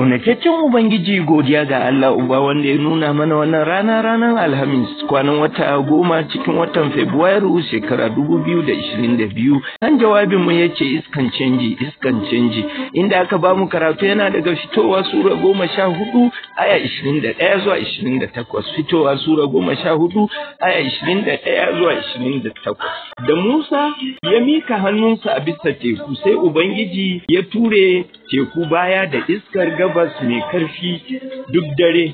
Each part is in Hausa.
Kaunataccen Ubangiji godiya ga Allah Uba wanda ya nuna mana wannan rana ranar Alhamis kwanan wata goma cikin watan Fabrairu shekara dubu biyu da ishirin da biyu. Kan jawabin mu yace iskan canji iskan canji inda aka ba mu karatu yana daga fitowa sura goma sha hudu aya ishirin da ɗaya zuwa ishirin da takwas fitowa sura goma sha hudu aya ishirin da ɗaya zuwa ishirin da takwas. Da Musa ya mika hannunsa a bisa teku sai Ubangiji ya ture teku baya da iskar gabas mai karfi duk dare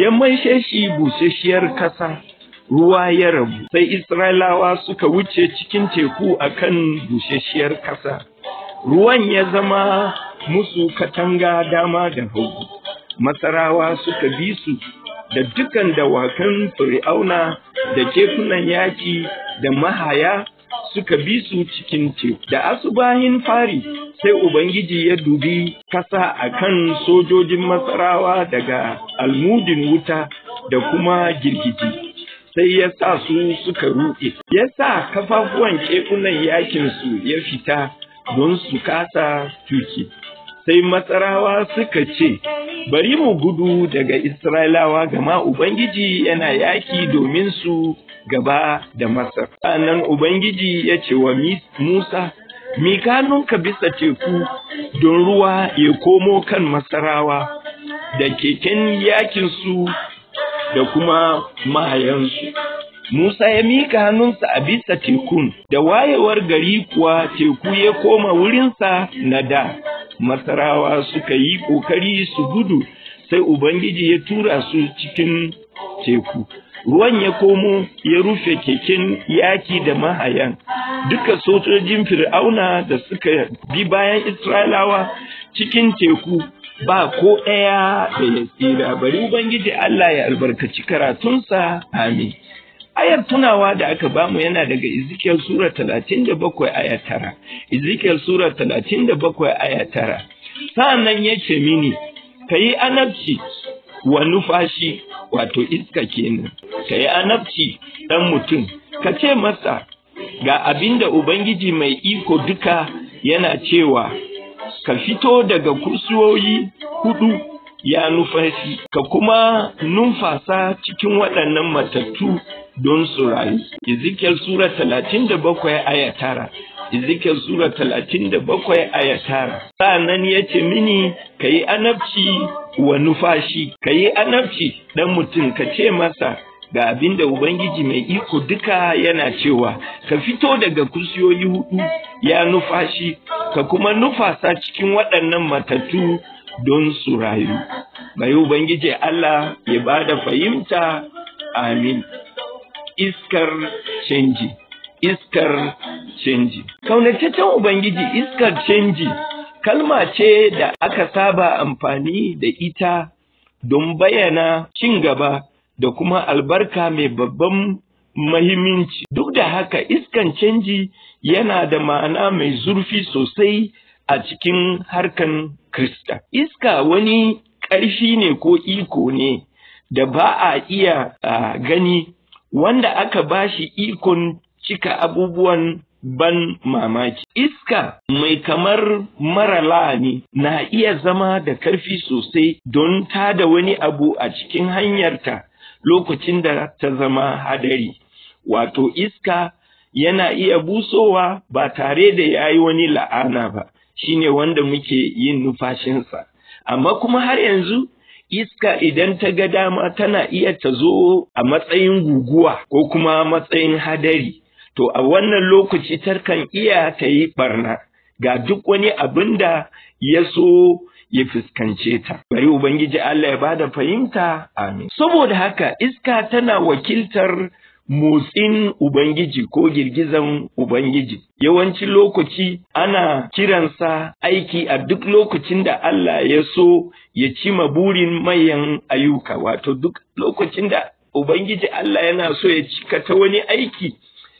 ya maishe shi busasshiyar kasa ruwa ya rabu sai isra'ilawa suka wuce cikin teku a kan busasshiyar kasa ruwan ya zama musu katanga dama da hagu masarawa suka bi su da dukan dawakan fir'auna da kefunan yaƙi da mahaya suka bi su cikin teku. Da asubahin fari sai Ubangiji ya dubi kasa a kan sojojin masarawa daga almudin wuta da kuma girgiji. Sai ya sa su suka ruɗe, ya sa kafafuwan kekunan yakinsu ya fita don su kasa tuki. sai matsarawa suka ce, Bari mu gudu daga Isra'ilawa gama Ubangiji yana yaki domin su gaba da Masar. Sannan Ubangiji ya ce wa Musa, ka bisa teku don ruwa ya komo kan Masarawa da keken yakinsu da kuma mahayansu. Musa ya mika hannunsa a bisa tekun, da wayewar gari kuwa teku ya koma wurinsa na da. masarawa suka yi ƙoƙari su gudu sai ubangiji ya tura su cikin teku ruwan ya komo ya rufe keken yaki da mahayan duka sojojin fir'auna da suka bi bayan isra'ilawa cikin teku ba ko ɗaya da ya tsira bari ubangiji allah ya albarkaci karatunsa amin ayar tunawa da aka bamu yana daga Ezekiel Sura 37 aya 9 Ezekiel Sura 37 aya Sa nan ya mini, ka anabci wa nufashi wato iska kenan, ka anabci 'dan mutum, ka ce masa ga abinda Ubangiji mai iko duka yana cewa, ka fito daga kursiyoyi hudu ya nufashi ka kuma numfasa cikin waɗannan matattu don su rayu. Ezekiel Sura talatin da bakwai aya tara. Ezekiel Sura talatin da bakwai aya tara. Sa'annan ya ce mini ka yi anabci wa nufashi, ka yi anabci ɗan mutum ka ce masa ga abin da Ubangiji mai iko duka yana cewa, ka fito daga kusiyoyi hudu ya nufashi, ka kuma nufasa cikin waɗannan matattu don su rayu mai ubangiji Allah ya ba da fahimta amin iskar canji iskar canji kaunataccen ubangiji iskar canji kalma ce da aka saba amfani da ita don bayyana cin gaba da kuma albarka mai babban mahimmanci. Duk da haka iskan canji yana da ma'ana mai zurfi sosai a cikin harkan Krista. Iska wani ƙarfi ne ko iko ne da ba a iya gani wanda aka ba shi ikon cika abubuwan ban mamaki. Iska mai kamar mara la'ani na iya zama da ƙarfi sosai don ta da wani abu a cikin hanyarta lokacin da ta zama hadari. Wato iska yana iya busowa ba tare da ya yi wani la'ana ba. shine wanda muke yin numfashinsa amma kuma har yanzu iska idan ta ga dama tana iya ta zo a matsayin guguwa ko kuma matsayin hadari to a wannan lokaci tarkan iya ta yi barna ga duk wani abin da ya so ya fuskance ta bari ubangiji Allah ya bada fahimta amin saboda haka iska tana wakiltar motsin Ubangiji ko girgizan Ubangiji. yawanci lokaci ana kiransa aiki a duk lokacin da Allah ya so ya cima burin mayan ayyuka, wato duk lokacin da Ubangiji Allah yana so ya cika ta wani aiki.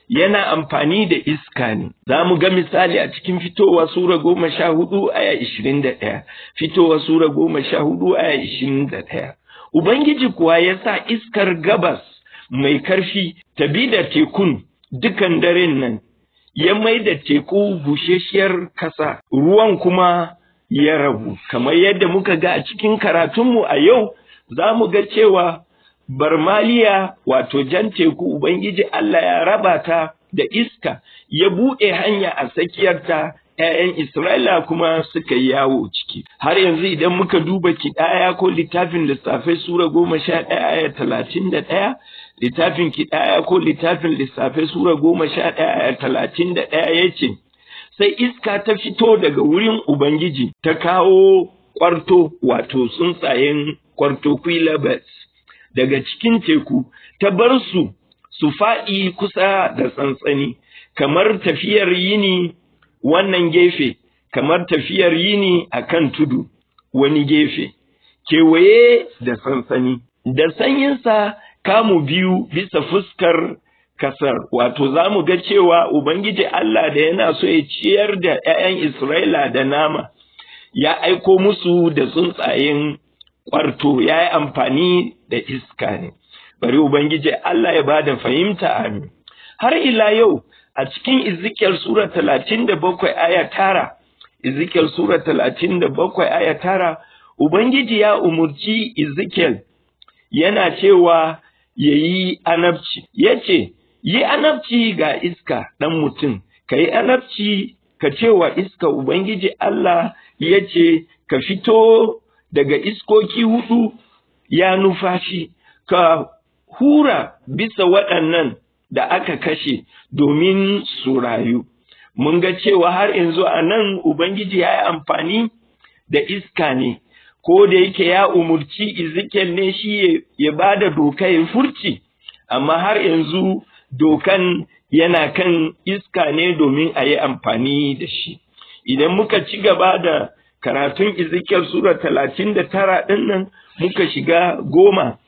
yana amfani da iska ne. Za mu ga misali a cikin fitowa Sura goma sha hudu aya ishirin da ɗaya, fitowa Sura goma sha hudu aya ishirin da ɗaya. Ubangiji kuwa ya sa iskar gabas mai karfi ta bi da tekun dukan daren nan ya mai da teku busheshiyar kasa ruwan kuma ya rabu kamar yadda muka ga a cikin karatunmu a yau za mu ga cewa barmaliya wato jan teku ubangiji Allah ya raba ta da iska ya buɗe hanya a tsakiyarta ‘ya'yan Isra'ila kuma suka yi yawo ciki. Har yanzu idan muka duba kiɗaya ko littafin lissafe Sura goma sha ɗaya aya talatin da ɗaya littafin kidaya ko littafin lissafe sura goma sha ɗaya talatin da ɗaya ya ce sai iska ta fito daga wurin ubangiji ta kawo kwarto wato tsuntsayen kwarto quilabets daga cikin teku ta bar su su faɗi kusa da tsantsani kamar tafiyar yini wannan gefe kamar tafiyar yini a kan tudu wani gefe kewaye da sansani da sanyinsa kamu biyu bisa fuskar kasar wato za mu ga cewa ubangiji Allah da yana so ya ciyar da 'ya'yan Isra'ila da nama ya aiko musu da tsuntsayen kwarto ya yi amfani da iska ne bari ubangiji Allah ya ba da fahimta amin har ila yau a cikin Ezekiel sura talatin da bakwai aya tara Ezekiel sura talatin da bakwai aya tara Ubangiji ya umurci Ezekiel yana cewa ya yi anabci ya ce yi anabci ga iska ɗan mutum ka yi anabci ka cewa iska ubangiji Allah ya ce ka fito daga iskoki hudu ya nufashi ka hura bisa waɗannan da aka kashe domin su rayu mun ga cewa har yanzu a nan ubangiji ya yi amfani da iska ne ko da yake ya umurci Ezekiel ne shi ya bada doka ya furci amma har yanzu dokan yana kan iska ne domin a yi amfani da shi idan muka ci gaba da karatun Ezekiel sura talatin da tara ɗin nan muka shiga goma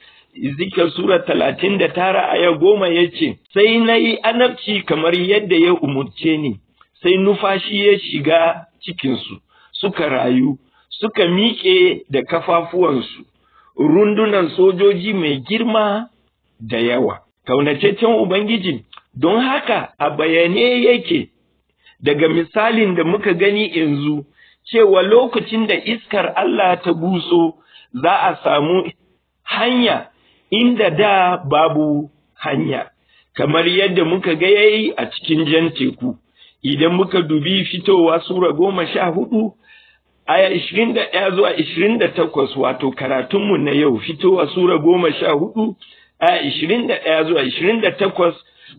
Ezekiel Sura talatin da tara a yau goma ya ce, Sai na yi anabci kamar yadda ya umurce ni, sai nufashi ya shiga cikinsu, suka rayu, suka miƙe da kafafuwansu, rundunan sojoji mai girma da yawa. Kaunataccen Ubangiji, don haka a bayane yake daga misalin da muka gani yanzu, cewa lokacin da iskar Allah ta buso za a samu hanya inda da babu hanya, kamar yadda muka ga yayi a cikin jan teku. Idan muka dubi fitowa Sura goma sha hudu, aya ishirin zuwa ishirin da takwas wato karatunmu na yau fitowa sura goma sha hudu aya ishirin zuwa ishirin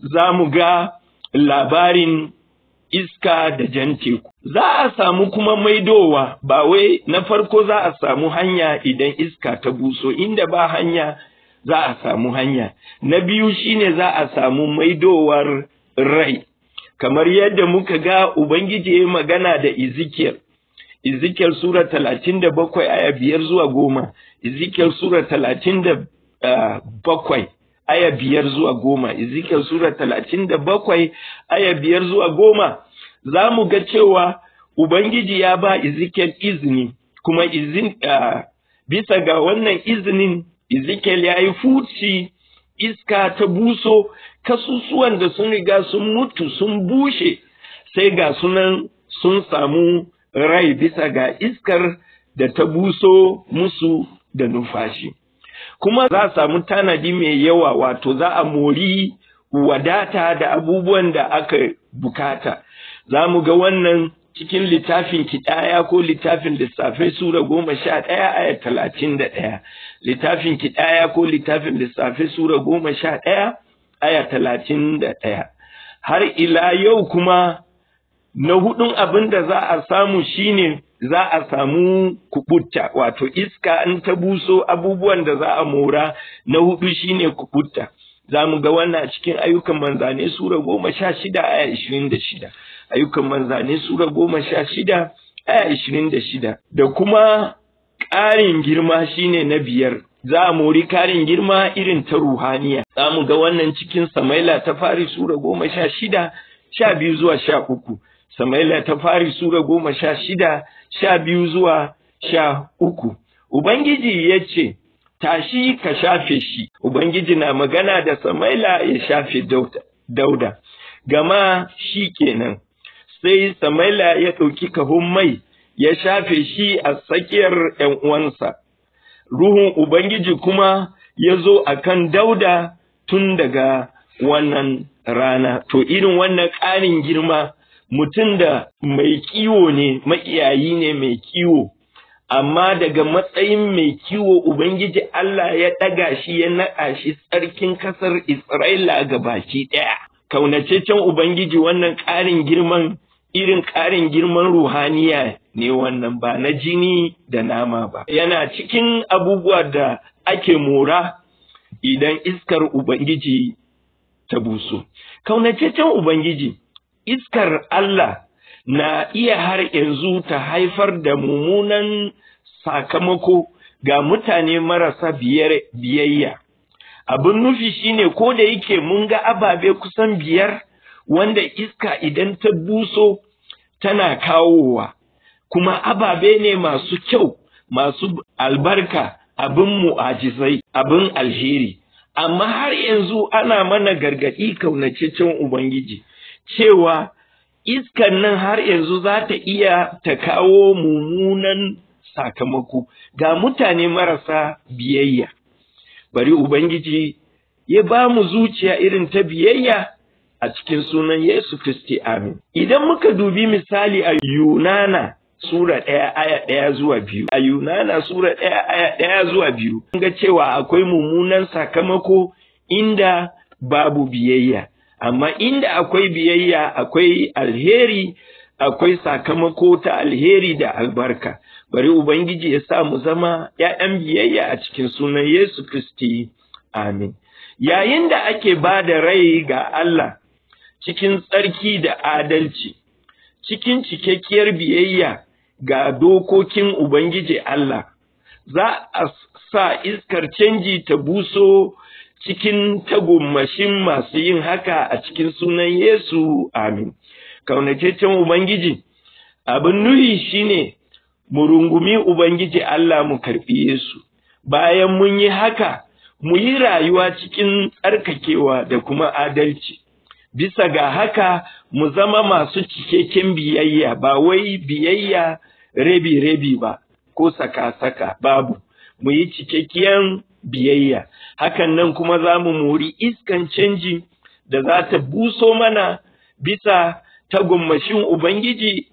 za mu ga labarin iska da jan teku. Za a samu kuma maidowa ba wai na farko za a samu hanya idan iska ta buso inda ba hanya za a samu hanya. Na biyu shine za a samu maidowar rai. Kamar yadda muka ga Ubangiji ya magana da Ezekiel Ezekiel Sura talatin da bakwai aya biyar zuwa goma, Ezekiel Sura talatin da bakwai aya biyar zuwa goma, Ezekiel Sura talatin da bakwai aya biyar zuwa goma, za mu ga cewa Ubangiji ya ba Ezekiel izini, kuma izin, bisa ga wannan izinin Ezekiel ya yi fuci iska ta buso kasusuwan da sun riga sun mutu sun bushe sai ga sunan sun samu rai bisa ga iskar da ta buso musu da numfashi. Kuma za a samu tanadi mai yawa wato za a mori wadata da abubuwan da aka bukata. Za mu ga wannan cikin littafin kiɗaya ko littafin lissafai Sura goma sha ɗaya aya talatin da ɗaya. Littafin kiɗaya ko littafin lissafai Sura goma sha ɗaya aya talatin da ɗaya. Har ila yau kuma na hudun abin da za a samu shine za a samu kubutta wato iska in ta buso abubuwan da za a mora na hudu shine kubutta za mu ga wannan cikin ayyukan manzane sura goma sha shida aya ishirin da shida ayyukan manzane sura goma sha shida aya ishirin da shida da kuma ƙarin girma shine na biyar za a mori karin girma irin ta ruhaniya za mu ga wannan cikin samaila ta fari sura goma sha shida sha biyu zuwa sha uku Sama'ila ta fari Sura goma sha shida, sha biyu zuwa sha uku. Ubangiji ya ce, Tashi ka shafe shi, Ubangiji na magana da Sama'ila ya shafe dauda, gama shi kenan. Sai Sama'ila ya ɗauki kahun mai, ya shafe shi a tsakiyar ‘yan uwansa. Ruhun Ubangiji kuma ya zo a kan dauda tun daga wannan rana, to irin wannan ƙarin girma. mutum da mai kiwo ne makiyayi ne mai kiwo amma daga matsayin mai kiwo ubangiji Allah ya ɗaga shi ya naɗa shi tsarkin kasar Isra'ila ga baki ɗaya kaunacecen ubangiji wannan ƙarin girman irin ƙarin girman ruhaniya ne wannan ba na jini da nama ba yana cikin abubuwa da ake mora idan iskar ubangiji ta buso kaunacecen ubangiji iskar Allah na iya har yanzu ta haifar da mummunan sakamako ga mutane marasa biyayya abin nufi shine ko da yake mun ga ababe kusan biyar wanda iska idan ta buso tana kawowa kuma ababe ne masu kyau masu albarka abin mu'ajizai abin alheri amma har yanzu ana mana gargaɗi kaunacecen ubangiji cewa iskan nan har yanzu za ta iya ta kawo mummunan sakamako ga mutane marasa biyayya bari ubangiji ya ba mu zuciya irin ta biyayya a cikin sunan Yesu Kristi amin idan muka dubi misali a Yunana Sura ɗaya aya ɗaya zuwa biyu. A Yunana Sura ɗaya aya ɗaya zuwa biyu. ga cewa akwai mummunan sakamako inda babu biyayya. amma inda akwai biyayya akwai alheri akwai sakamako ta alheri da albarka bari ubangiji ya sa mu zama ‘ya'yan biyayya a cikin sunan yesu kristi amin yayin da ake ba da rai ga allah cikin tsarki da adalci cikin cikakkiyar biyayya ga dokokin ubangiji allah za a sa iskar canji ta buso cikin tagomashin masu yin haka a cikin sunan Yesu amin kaunataccen ubangiji abin nuhi shine mu rungumi ubangiji Allah mu karɓi Yesu bayan mun yi haka mu yi rayuwa cikin tsarkakewa da kuma adalci bisa ga haka mu zama masu cikakken biyayya ba wai biyayya rabi-rabi ba ko saka-saka babu mu yi cikakken biyayya hakan nan kuma za mu mori iskan canji da za ta buso mana bisa tagunmashin ubangiji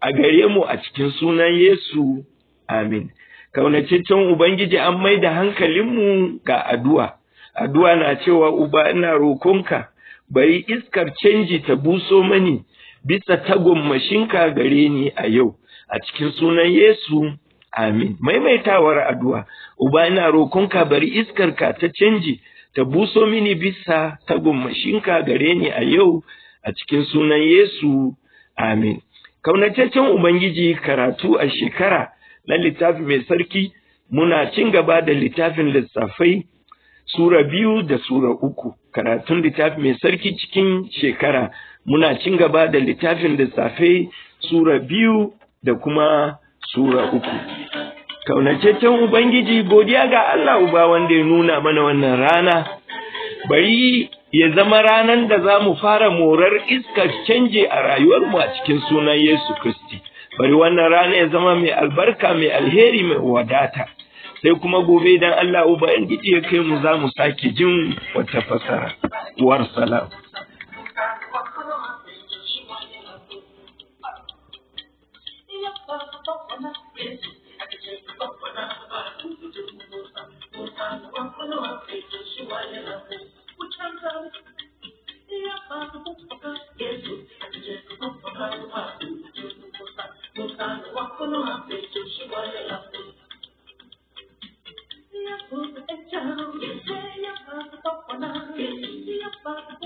a gare mu a cikin sunan yesu amin kaunataccen ubangiji an mai da hankalinmu ga addu'a addu'a na cewa uba ina rokonka bari iskar canji ta buso mani bisa tagunmashinka gare ni a yau a cikin sunan yesu amin maimaitawar addu'a uba ina rokonka bari iskarka ta canji ta buso mini bisa ta tagomashinka gare ni a yau a cikin sunan Yesu amin kaunataccen ubangiji karatu a shekara na littafi mai sarki muna cin gaba da littafin lissafai sura biyu da sura uku karatun littafi mai sarki cikin shekara muna cin gaba da littafin lissafai sura biyu da kuma Sura uku tun Ubangiji godiya ga Allah Uba wanda ya nuna mana wannan rana, bari ya zama ranan da za mu fara morar iskar canje a rayuwarmu a cikin sunan Yesu Kristi. Bari wannan rana ya zama mai albarka mai alheri mai wadata. Sai kuma gobe idan Allah Ubangiji ya kai mu za mu sake jin wata fasara. War salam. Thank you.